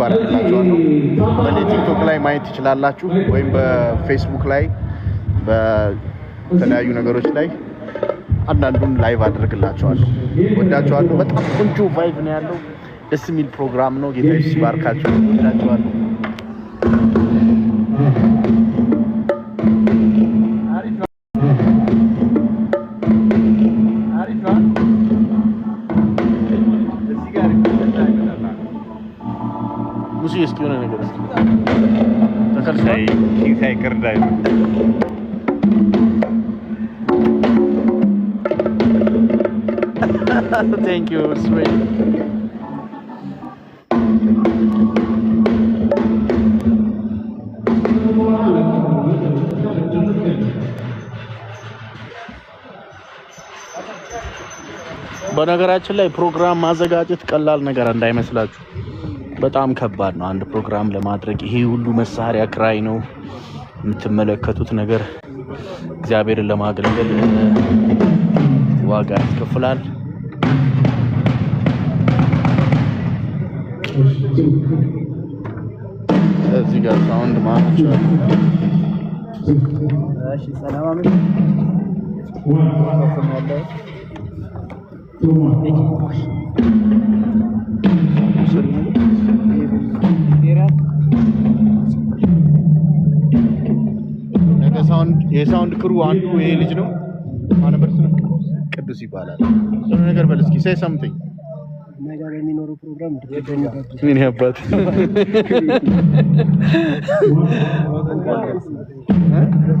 ሰብስክራይብ በእኔ ቲክቶክ ላይ ማየት ትችላላችሁ፣ ወይም በፌስቡክ ላይ በተለያዩ ነገሮች ላይ አንዳንዱን ላይቭ አድርግላችኋለሁ። ወዳችኋለሁ። በጣም ቆንጆ ቫይቭ ነው ያለው። ደስ የሚል ፕሮግራም ነው። ጌታ ይባርካችሁ። ወዳችኋለሁ። Thank you, sweet. በነገራችን ላይ ፕሮግራም ማዘጋጀት ቀላል ነገር እንዳይመስላችሁ፣ በጣም ከባድ ነው። አንድ ፕሮግራም ለማድረግ ይሄ ሁሉ መሳሪያ ክራይ ነው። የምትመለከቱት ነገር እግዚአብሔርን ለማገልገል ዋጋ ያስከፍላል። እዚህ ጋር ሳውንድ ማናቸዋል። የሳውንድ ክሩ አንዱ ይሄ ልጅ ነው። ማነበርስ ነው ቅዱስ ይባላል። ነገር በል እስኪ ሳይ ሰምተኝ ከእኛ ጋር የሚኖረው ፕሮግራም ምን ያባት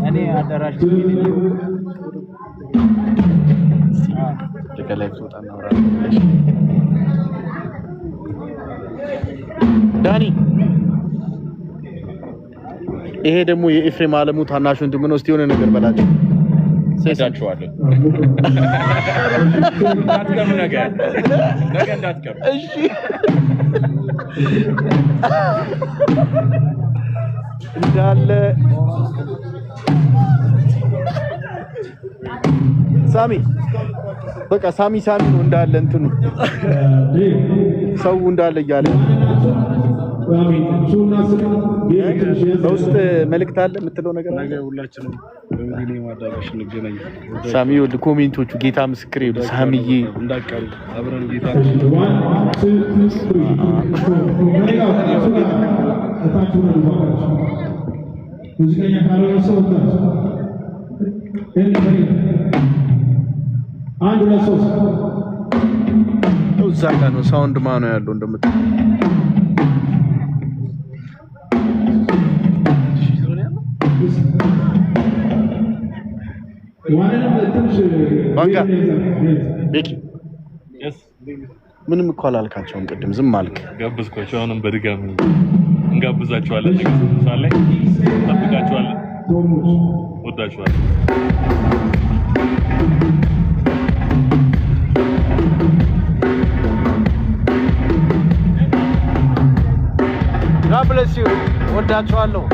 እኔ አዳራሽ ዳኒ ይሄ ደግሞ የኤፍሬም አለሙ ታናሽ ወንድም ነው። እስቲ የሆነ ነገር በላቸው። ስዳችኋለሁ። እንዳትቀሩ ነገ ነገ እንዳትቀሩ። እሺ እንዳለ ሳሚ በቃ ሳሚ ሳሚ ነው እንዳለ እንትኑ ሰው እንዳለ እያለ በውስጥ መልእክት አለ የምትለው ነገር አለ። ሁላችንም በሚሊኒየም አዳራሽ እንገናኝ። ሳሚ ወልድ ኮሜንቶቹ ጌታ ምስክር ይሉ ሳሚዬ እንዳቀሩ አብረን ጌታ አንድ ሁለት እዛ ጋር ነው ሳውንድ ማነው ያለው እንደምትለው ቤኪ ምንም እኮ አላልካቸውም። ቅድም ዝም አልክ። ጋብዝኳቸው። አሁንም በድጋሚ እንጋብዛቸዋለን። ነገ ሰዓት ላይ ጠብቃቸዋለን። ወዳቸዋለን። ጋብለሲ ወዳቸዋለሁ።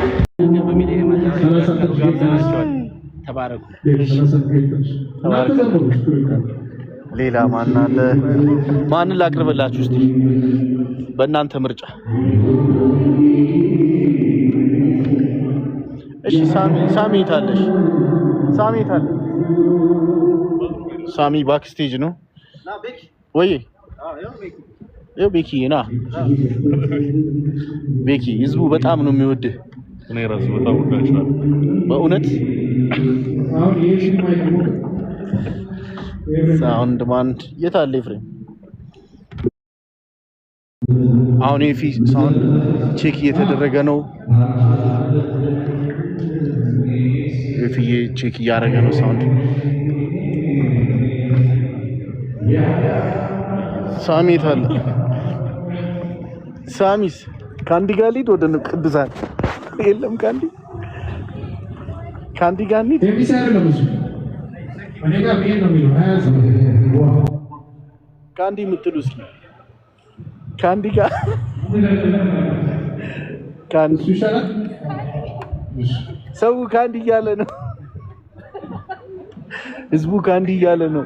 ተባረኩ። ሌላ ማን አለ? ማንን ላቅርብላችሁ? እስቲ በእናንተ ምርጫ። እሺ ሳሚ ሳሚ ታለሽ ሳሚ የታለ? ሳሚ ባክስቴጅ ነው ወይ? ይኸው ቤኪ ና ቤኪ፣ ህዝቡ በጣም ነው የሚወድህ። እኔ ራሱ በጣም ወዳችኋለሁ በእውነት ሳውንድ ማንድ የት አለ? ፍሬም አሁን የፊ ሳውንድ ቼክ እየተደረገ ነው። የፊዬ ቼክ እያደረገ ነው ሳውንድ ሳሚ የት አለ? ሳሚስ ከአንድ ጋር ልሂድ ወደ ቅዱሳን የለም ከአንድ ከአንዲ ጋር እንሂድ ከአንዲ የምትሉ እስኪ ከአንዲ ጋር ሰው ከአንዲ እያለ ነው። ህዝቡ ከአንዲ እያለ ነው።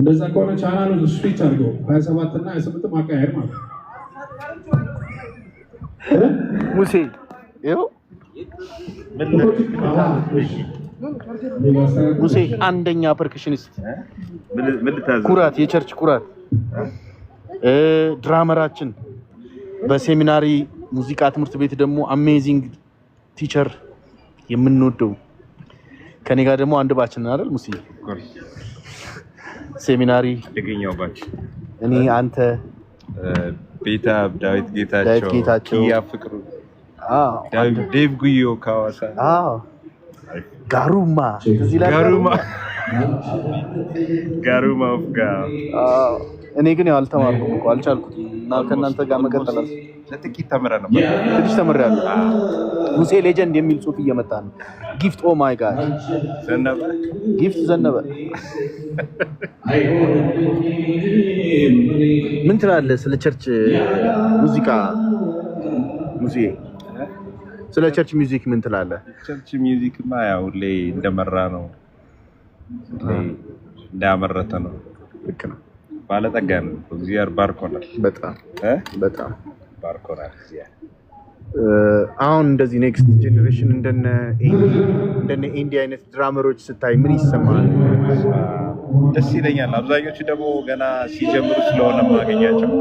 እንደዛ ከሆነ ቻናሉ ስዊች አድርገው ሀያ ሰባት እና ሀያ ስምንት ማለት ነው። ሙሴ ሙሴ አንደኛ ፐርክሽኒስት ኩራት፣ የቸርች ኩራት ድራመራችን፣ በሴሚናሪ ሙዚቃ ትምህርት ቤት ደግሞ አሜዚንግ ቲቸር የምንወደው ከኔ ጋር ደግሞ አንድ ባችን አይደል ሙሴ ሴሚናሪ ልገኛውባቸው እኔ አንተ ቤታ ዳዊት ጌታቸው ያ ፍቅሩ ዴቭ ጉዮ ካዋሳ ጋሩማ ጋሩማ ጋሩማ እኔ ግን ያው አልተማርኩም እኮ አልቻልኩት እና ከእናንተ ጋር መቀጠላል ለጥቂት ተምረ ነበር። ትንሽ ተምረ ሙሴ ሌጀንድ የሚል ጽሁፍ እየመጣ ነው። ጊፍት ኦ ማይ ጋድ ዘነበ፣ ጊፍት ዘነበ። ምን ትላለህ ስለ ቸርች ሙዚቃ ስለ ቸርች ሚውዚክ ምን ትላለህ? ቸርች ያው እንደመራ ነው እንዳመረተ ነው። ልክ ነው። ባለጠጋ ነው። እግዚአብሔር ባርኮናል በጣም በጣም ባርኮናል። አሁን እንደዚህ ኔክስት ጀኔሬሽን እንደነ ኤንዲ አይነት ድራመሮች ስታይ ምን ይሰማል? ደስ ይለኛል። አብዛኞቹ ደግሞ ገና ሲጀምሩ ስለሆነ ማገኛቸው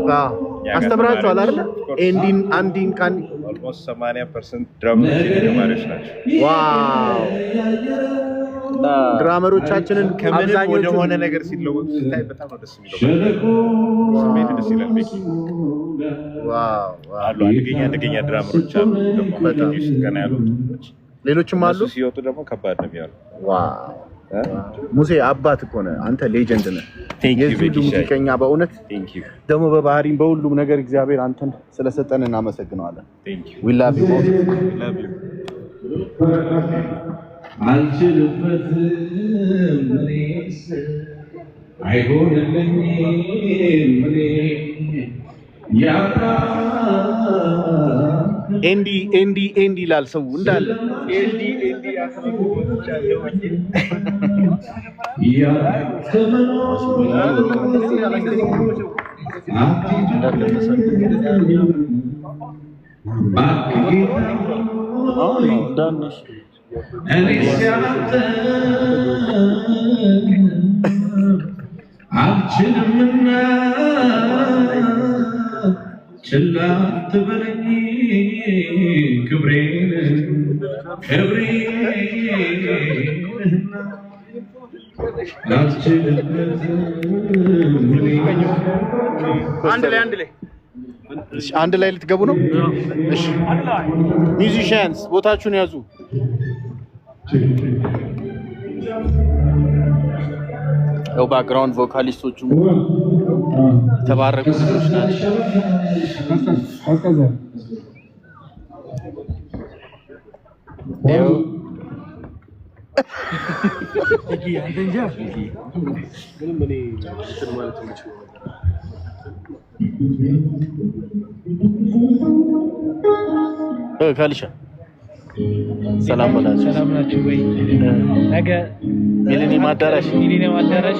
አስተምራቸዋል አይደል? ኤንዲን አንዲን ካን ኦልሞስት 80 ፐርሰንት ድራመሮች ናቸው። ዋው ድራመሮቻችንን ከምንም ወደሆነ ነገር ሲለወጡ ስታይ በጣም ነው ደስ የሚለው። አሉ ድራመሮች አሉ። ሌሎችም አሉ። ሲወጡ ደግሞ ከባድ ነው የሚሆነው። ሙሴ አባት እኮ ነህ አንተ፣ ሌጀንድ ነህ የዚህ ሙዚቀኛ። በእውነት ደግሞ በባህሪም በሁሉም ነገር እግዚአብሔር አንተን ስለሰጠን እናመሰግነዋለን። ዊ ላቭ ዩ አልችልበትም እኔስ አይሆንልኝም እኔ ኤንዲ ኤንዲ ኤንዲ ይላል ሰው እንዳለ ኤንዲ ኤንዲ አንድ ላይ አንድ ልትገቡ ነው? ሚዚሽያንስ ቦታችሁን ያዙ። ያው ባክግራውንድ ቮካሊስቶቹ የተባረቁ ልጆች ናቸው። ካልሻ ሰላም በላችሁ። ሰላም ናችሁ ወይ? ነገ ሚሊኒየም አዳራሽ ሚሊኒየም አዳራሽ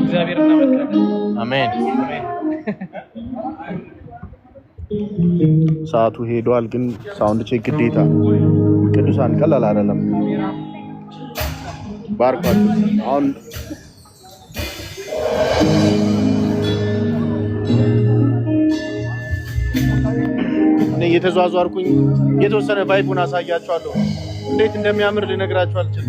እግዚአብሔር እናመልካለን። አሜን። ሰዓቱ ሄዷል፣ ግን ሳውንድ ቼክ ግዴታ። ቅዱሳን ቀላል አይደለም። ባርኳችሁ አሁን እየተዟዟርኩኝ የተወሰነ ቫይቡን አሳያችኋለሁ። እንዴት እንደሚያምር ልነግራችሁ አልችልም።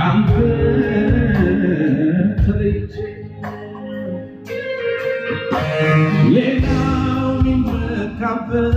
ካንተ ሌላው የሚመካበት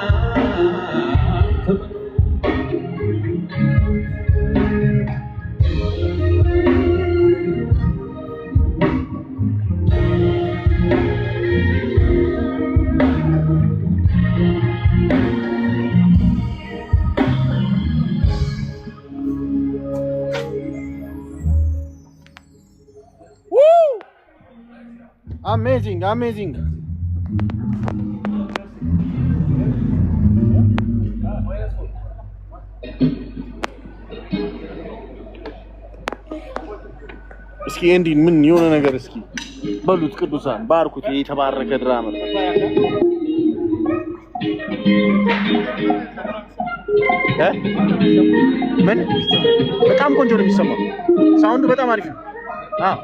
Uh! amazing amazing እስኪ እንዲ ምን የሆነ ነገር እስኪ በሉት ቅዱሳን ባርኩት። የተባረከ ድራማ ምን በጣም ቆንጆ ነው የሚሰማው። ሳውንዱ በጣም አሪፍ ነው። አዎ